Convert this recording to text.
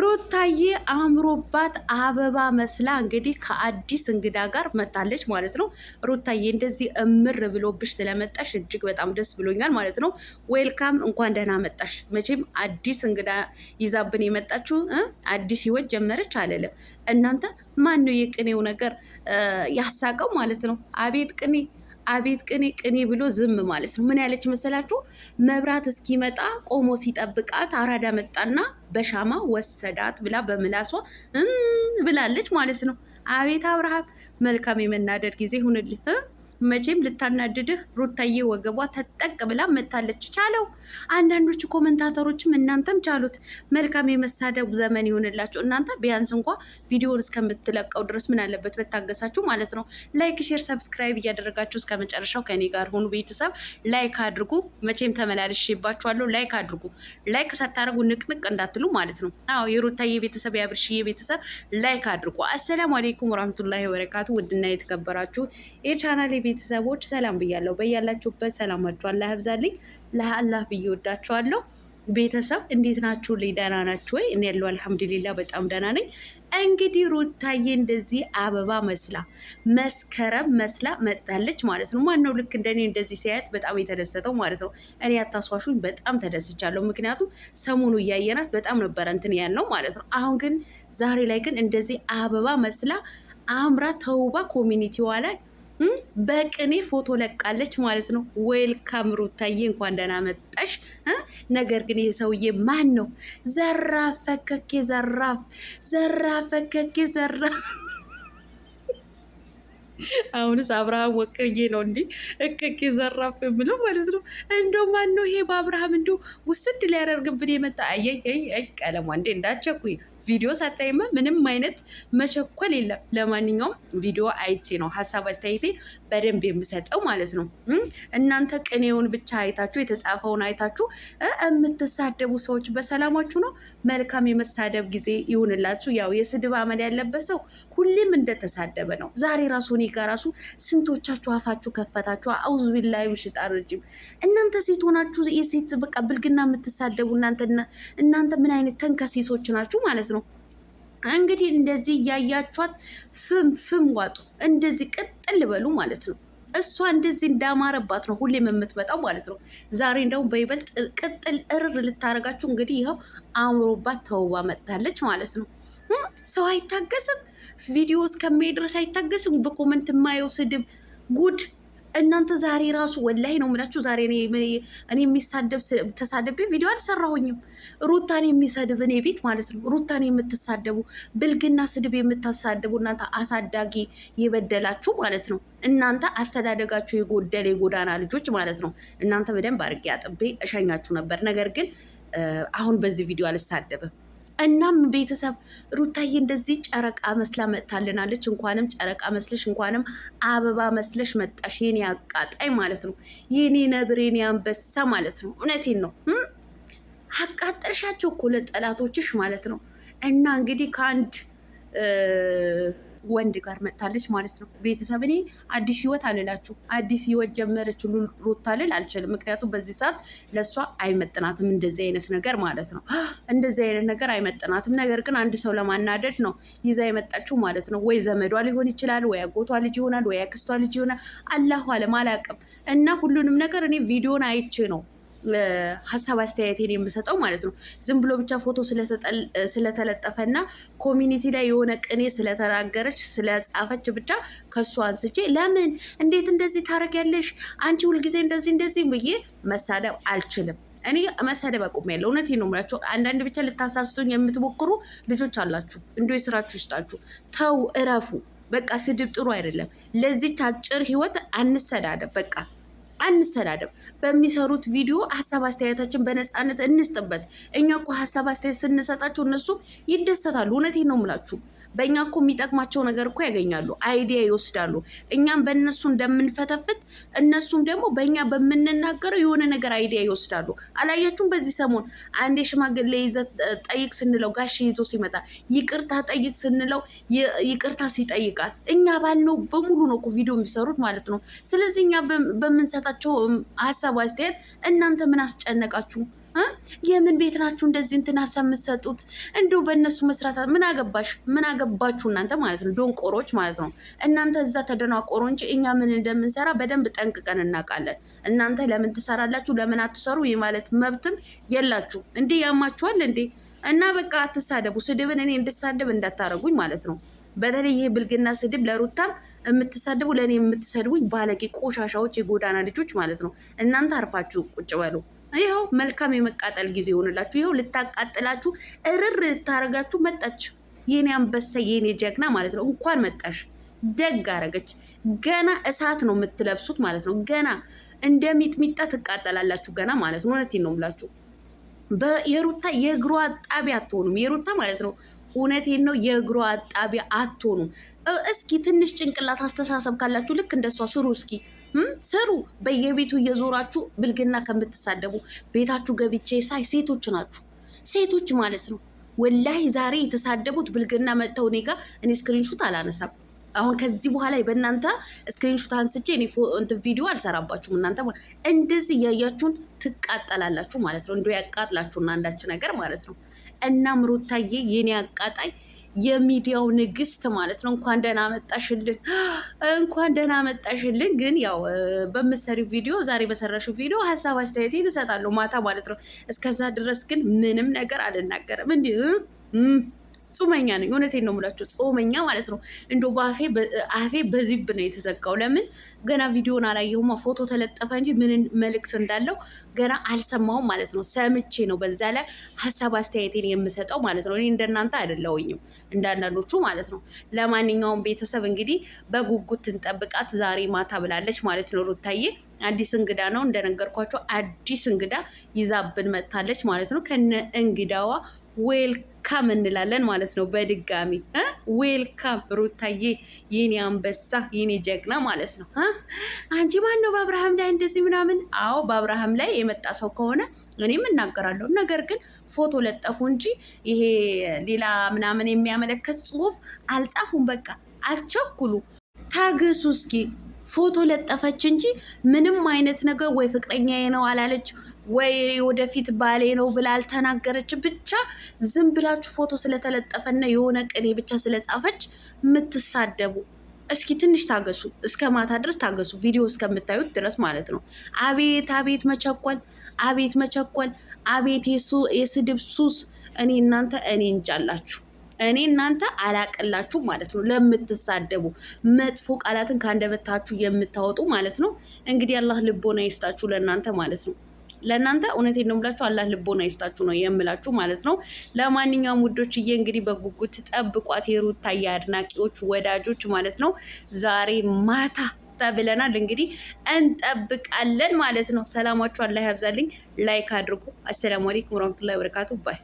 ሩታዬ አምሮባት አበባ መስላ እንግዲህ ከአዲስ እንግዳ ጋር መጣለች ማለት ነው። ሩታዬ እንደዚህ እምር ብሎብሽ ስለመጣሽ እጅግ በጣም ደስ ብሎኛል ማለት ነው። ዌልካም፣ እንኳን ደህና መጣሽ። መቼም አዲስ እንግዳ ይዛብን የመጣችው አዲስ ህይወት ጀመረች አለለም። እናንተ ማን ነው የቅኔው ነገር ያሳቀው ማለት ነው? አቤት ቅኔ አቤት ቅኔ ቅኔ ብሎ ዝም ማለት ነው። ምን ያለች መሰላችሁ? መብራት እስኪመጣ ቆሞ ሲጠብቃት አራዳ መጣና በሻማ ወሰዳት ብላ በምላሷ ብላለች ማለት ነው። አቤት አብርሃም መልካም የመናደድ ጊዜ ሁንልህ። መቼም ልታናድድህ ሩታዬ ወገቧ ተጠቅ ብላ መታለች። ቻለው። አንዳንዶቹ ኮመንታተሮችም እናንተም ቻሉት። መልካም የመሳደብ ዘመን ይሆንላችሁ። እናንተ ቢያንስ እንኳ ቪዲዮን እስከምትለቀው ድረስ ምን አለበት በታገሳችሁ ማለት ነው። ላይክ፣ ሼር፣ ሰብስክራይብ እያደረጋችሁ እስከ መጨረሻው ከኔ ጋር ሆኑ። ቤተሰብ ላይክ አድርጉ። መቼም ተመላልሼባችኋለሁ። ላይክ አድርጉ። ላይክ ሳታደርጉ ንቅንቅ እንዳትሉ ማለት ነው። አዎ የሩታዬ ቤተሰብ የአብርሽዬ ቤተሰብ ላይክ አድርጉ። አሰላሙ አሌይኩም ወራህመቱላሂ ወበረካቱ። ውድና የተከበራችሁ የቻናል ቤተሰቦች ሰላም ብያለሁ። በያላችሁበት ሰላማችሁ አላህ ያብዛልኝ። ለአላህ ብዬ ወዳችኋለሁ። ቤተሰብ እንዴት ናችሁ? ላይ ደህና ናችሁ ወይ? እኔ ያለው አልሐምዱሊላ በጣም ደህና ነኝ። እንግዲህ ሩታዬ እንደዚህ አበባ መስላ መስከረም መስላ መጣለች ማለት ነው። ማነው ልክ እንደኔ እንደዚህ ሲያያት በጣም የተደሰተው ማለት ነው። እኔ አታስዋሹኝ፣ በጣም ተደስቻለሁ። ምክንያቱም ሰሞኑ እያየናት በጣም ነበረ እንትን ያልነው ማለት ነው። አሁን ግን ዛሬ ላይ ግን እንደዚህ አበባ መስላ አምራ ተውባ ኮሚኒቲዋ ላይ በቅኔ ፎቶ ለቃለች ማለት ነው። ዌልካም ሩታዬ፣ እንኳን ደህና መጣሽ። ነገር ግን ይህ ሰውዬ ማን ነው? ዘራፍ ፈከኬ፣ ዘራፍ ዘራፍ ፈከኬ፣ ዘራፍ አሁንስ አብርሃም ወቅዬ ነው እንዲህ እክክ ዘራፍ ብለው ማለት ነው። እንደው ማን ነው ይሄ? በአብርሃም እንዲሁ ውስድ ሊያደርግብን የመጣ አይ ቀለሟ እንዴ እንዳቸኩኝ ቪዲዮ ሳታይማ ምንም አይነት መቸኮል የለም። ለማንኛውም ቪዲዮ አይቼ ነው ሀሳብ አስተያየቴን በደንብ የምሰጠው ማለት ነው። እናንተ ቅኔውን ብቻ አይታችሁ የተጻፈውን አይታችሁ የምትሳደቡ ሰዎች በሰላማችሁ ነው። መልካም የመሳደብ ጊዜ ይሁንላችሁ። ያው የስድብ አመል ያለበት ሰው ሁሌም እንደተሳደበ ነው። ዛሬ ራሱ እኔ ጋር ራሱ ስንቶቻችሁ አፋችሁ ከፈታችሁ? አውዝ ቢላይ ምሽጣ ረጅም እናንተ ሴት ሆናችሁ የሴት በቃ ብልግና የምትሳደቡ እናንተ እናንተ ምን አይነት ተንከሲሶች ናችሁ ማለት ነው። እንግዲህ እንደዚህ እያያቿት ፍም ፍም ዋጡ፣ እንደዚህ ቅጥል በሉ ማለት ነው። እሷ እንደዚህ እንዳማረባት ነው ሁሌም የምትመጣው ማለት ነው። ዛሬ እንደውም በይበልጥ ቅጥል እርር ልታረጋችሁ እንግዲህ ይኸው አእምሮባት ተውባ መጥታለች ማለት ነው። ሰው አይታገስም። ቪዲዮ እስከሚሄድ ድረስ አይታገስም። በኮመንት የማየው ስድብ ጉድ እናንተ ዛሬ ራሱ ወላሂ ነው የምላችሁ። ዛሬ እኔ የሚሳደብ ተሳደቤ ቪዲዮ አልሰራሁኝም። ሩታን የሚሰድብ እኔ ቤት ማለት ነው። ሩታን የምትሳደቡ ብልግና ስድብ የምታሳደቡ እናንተ አሳዳጊ የበደላችሁ ማለት ነው። እናንተ አስተዳደጋችሁ የጎደለ የጎዳና ልጆች ማለት ነው። እናንተ በደንብ አድርጌ አጥቤ እሸኛችሁ ነበር። ነገር ግን አሁን በዚህ ቪዲዮ አልሳደብም። እናም ቤተሰብ ሩታዬ እንደዚህ ጨረቃ መስላ መጥታልናለች። እንኳንም ጨረቃ መስለሽ እንኳንም አበባ መስለሽ መጣሽ። የኔ አቃጣይ ማለት ነው፣ የኔ ነብር፣ የኔ አንበሳ ማለት ነው። እውነቴን ነው። አቃጠልሻቸው እኮ ለጠላቶችሽ ማለት ነው። እና እንግዲህ ከአንድ ወንድ ጋር መጥታለች ማለት ነው። ቤተሰብ እኔ አዲስ ህይወት አልላችሁ አዲስ ህይወት ጀመረች ሩታ ልል አልችልም። ምክንያቱም በዚህ ሰዓት ለእሷ አይመጥናትም እንደዚህ አይነት ነገር ማለት ነው። እንደዚህ አይነት ነገር አይመጥናትም። ነገር ግን አንድ ሰው ለማናደድ ነው ይዛ የመጣችው ማለት ነው። ወይ ዘመዷ ሊሆን ይችላል፣ ወይ አጎቷ ልጅ ይሆናል፣ ወይ አክስቷ ልጅ ይሆናል። አላሁ አለም አላቅም። እና ሁሉንም ነገር እኔ ቪዲዮን አይቼ ነው ሀሳብ አስተያየቴን የምሰጠው ማለት ነው። ዝም ብሎ ብቻ ፎቶ ስለተለጠፈና ኮሚኒቲ ላይ የሆነ ቅኔ ስለተናገረች ስለጻፈች ብቻ ከሱ አንስቼ ለምን እንዴት እንደዚህ ታደርጊያለሽ አንቺ ሁልጊዜ እንደዚህ እንደዚህ ብዬ መሳደብ አልችልም። እኔ መሳደብ አቁሜያለሁ። እውነቴን ነው የምላቸው። አንዳንድ ብቻ ልታሳስቱኝ የምትሞክሩ ልጆች አላችሁ። እንዲ ስራችሁ ይስጣችሁ። ተው እረፉ። በቃ ስድብ ጥሩ አይደለም። ለዚች አጭር ህይወት አንሰዳደብ በቃ አንሰዳደብ። በሚሰሩት ቪዲዮ ሀሳብ አስተያየታችን በነፃነት እንስጥበት። እኛ እኮ ሀሳብ አስተያየት ስንሰጣቸው እነሱ ይደሰታሉ። እውነቴን ነው የምላችሁ። በእኛ እኮ የሚጠቅማቸው ነገር እኮ ያገኛሉ፣ አይዲያ ይወስዳሉ። እኛም በእነሱ እንደምንፈተፍት እነሱም ደግሞ በእኛ በምንናገረው የሆነ ነገር አይዲያ ይወስዳሉ። አላያችሁም? በዚህ ሰሞን አንድ የሽማግሌ ይዘ ጠይቅ ስንለው ጋሽ ይዞ ሲመጣ ይቅርታ ጠይቅ ስንለው ይቅርታ ሲጠይቃት እኛ ባልነው በሙሉ ነው እኮ ቪዲዮ የሚሰሩት ማለት ነው። ስለዚህ እኛ በምንሰጣ የምትሰጣቸው ሀሳብ አስተያየት እናንተ ምን አስጨነቃችሁ? የምን ቤት ናችሁ? እንደዚህ እንትን ሀሳብ የምትሰጡት እንዲሁ በእነሱ መስራት ምን አገባሽ? ምን አገባችሁ እናንተ ማለት ነው። ዶንቆሮች ማለት ነው። እናንተ እዛ ተደናቆሮ እንጂ እኛ ምን እንደምንሰራ በደንብ ጠንቅቀን እናውቃለን። እናንተ ለምን ትሰራላችሁ? ለምን አትሰሩ? ማለት መብትም የላችሁ እንዴ? ያማችኋል እንዴ? እና በቃ አትሳደቡ። ስድብን እኔ እንድሳደብ እንዳታረጉኝ ማለት ነው። በተለይ ይህ ብልግና ስድብ ለሩታም የምትሳደቡ ለእኔ የምትሰድቡኝ ባለጌ ቆሻሻዎች፣ የጎዳና ልጆች ማለት ነው። እናንተ አርፋችሁ ቁጭ በሉ። ይኸው መልካም የመቃጠል ጊዜ ይሆንላችሁ። ይኸው ልታቃጥላችሁ እርር ልታረጋችሁ መጣች። የኔ አንበሳ የኔ ጀግና ማለት ነው። እንኳን መጣሽ፣ ደግ አረገች። ገና እሳት ነው የምትለብሱት ማለት ነው። ገና እንደ ሚጥሚጣ ትቃጠላላችሁ ገና ማለት ነው። እውነቴን ነው የምላችሁ። የሩታ የእግሯ ጣቢያ አትሆኑም የሩታ ማለት ነው። እውነቴን ነው። የእግሯ አጣቢ አትሆኑ። እስኪ ትንሽ ጭንቅላት አስተሳሰብ ካላችሁ ልክ እንደሷ ስሩ። እስኪ ስሩ። በየቤቱ እየዞራችሁ ብልግና ከምትሳደቡ ቤታችሁ ገብቼ ሳይ ሴቶች ናችሁ፣ ሴቶች ማለት ነው። ወላሂ ዛሬ የተሳደቡት ብልግና መጥተው እኔ እኔ ስክሪንሹት አላነሳም። አሁን ከዚህ በኋላ በእናንተ ስክሪንሾት አንስቼ እኔ እንትን ቪዲዮ አልሰራባችሁም። እናንተ እንደዚህ እያያችሁን ትቃጠላላችሁ ማለት ነው። እንደው ያቃጥላችሁና አንዳች ነገር ማለት ነው። እናም ሩታዬ የኔ አቃጣይ የሚዲያው ንግስት ማለት ነው። እንኳን ደህና መጣሽልን፣ እንኳን ደህና መጣሽልን። ግን ያው በምትሰሪው ቪዲዮ ዛሬ በሰራሽው ቪዲዮ ሀሳብ አስተያየት እሰጣለሁ ማታ ማለት ነው። እስከዛ ድረስ ግን ምንም ነገር አልናገርም እንዲህ ጾመኛ ነኝ። እውነቴን ነው የምላቸው ጾመኛ ማለት ነው። እንዶ በአፌ አፌ በዚብ ነው የተዘጋው። ለምን ገና ቪዲዮን አላየሁማ። ፎቶ ተለጠፈ እንጂ ምን መልእክት እንዳለው ገና አልሰማውም ማለት ነው። ሰምቼ ነው በዛ ላይ ሀሳብ አስተያየቴን የምሰጠው ማለት ነው። እኔ እንደናንተ አይደለሁኝም እንዳንዳንዶቹ ማለት ነው። ለማንኛውም ቤተሰብ እንግዲህ በጉጉት እንጠብቃት ዛሬ ማታ ብላለች ማለት ነው ሩታዬ አዲስ እንግዳ ነው እንደነገርኳቸው፣ አዲስ እንግዳ ይዛብን መጥታለች ማለት ነው። ከነ እንግዳዋ ዌልካም እንላለን ማለት ነው። በድጋሚ ዌልካም ሩታዬ፣ የኔ አንበሳ፣ የኔ ጀግና ማለት ነው። አንቺ ማን ነው በአብርሃም ላይ እንደዚህ ምናምን? አዎ በአብርሃም ላይ የመጣ ሰው ከሆነ እኔም እናገራለሁ። ነገር ግን ፎቶ ለጠፉ እንጂ ይሄ ሌላ ምናምን የሚያመለክት ጽሑፍ አልጻፉም። በቃ አልቸኩሉ፣ ታገሱ እስኪ። ፎቶ ለጠፈች እንጂ ምንም አይነት ነገር ወይ ፍቅረኛዬ ነው አላለች፣ ወይ ወደፊት ባሌ ነው ብላ አልተናገረች። ብቻ ዝም ብላችሁ ፎቶ ስለተለጠፈና የሆነ ቅኔ ብቻ ስለጻፈች የምትሳደቡ እስኪ ትንሽ ታገሱ። እስከ ማታ ድረስ ታገሱ፣ ቪዲዮ እስከምታዩት ድረስ ማለት ነው። አቤት አቤት መቸኮል፣ አቤት መቸኮል፣ አቤት የስድብ ሱስ። እኔ እናንተ እኔ እንጃላችሁ። እኔ እናንተ አላቅላችሁ ማለት ነው። ለምትሳደቡ መጥፎ ቃላትን ከአንደበታችሁ የምታወጡ ማለት ነው። እንግዲህ አላህ ልቦና ይስጣችሁ ለእናንተ ማለት ነው። ለእናንተ እውነቴን ነው የምላችሁ አላህ ልቦና ይስጣችሁ ነው የምላችሁ ማለት ነው። ለማንኛውም ውዶችዬ እንግዲህ በጉጉት ጠብቋት የሩታዬ አድናቂዎች ወዳጆች ማለት ነው። ዛሬ ማታ ብለናል እንግዲህ እንጠብቃለን ማለት ነው። ሰላማችሁ አላህ ያብዛልኝ። ላይክ አድርጉ። አሰላሙ አለይኩም ወራህመቱላሂ ወበረካቱ ባይ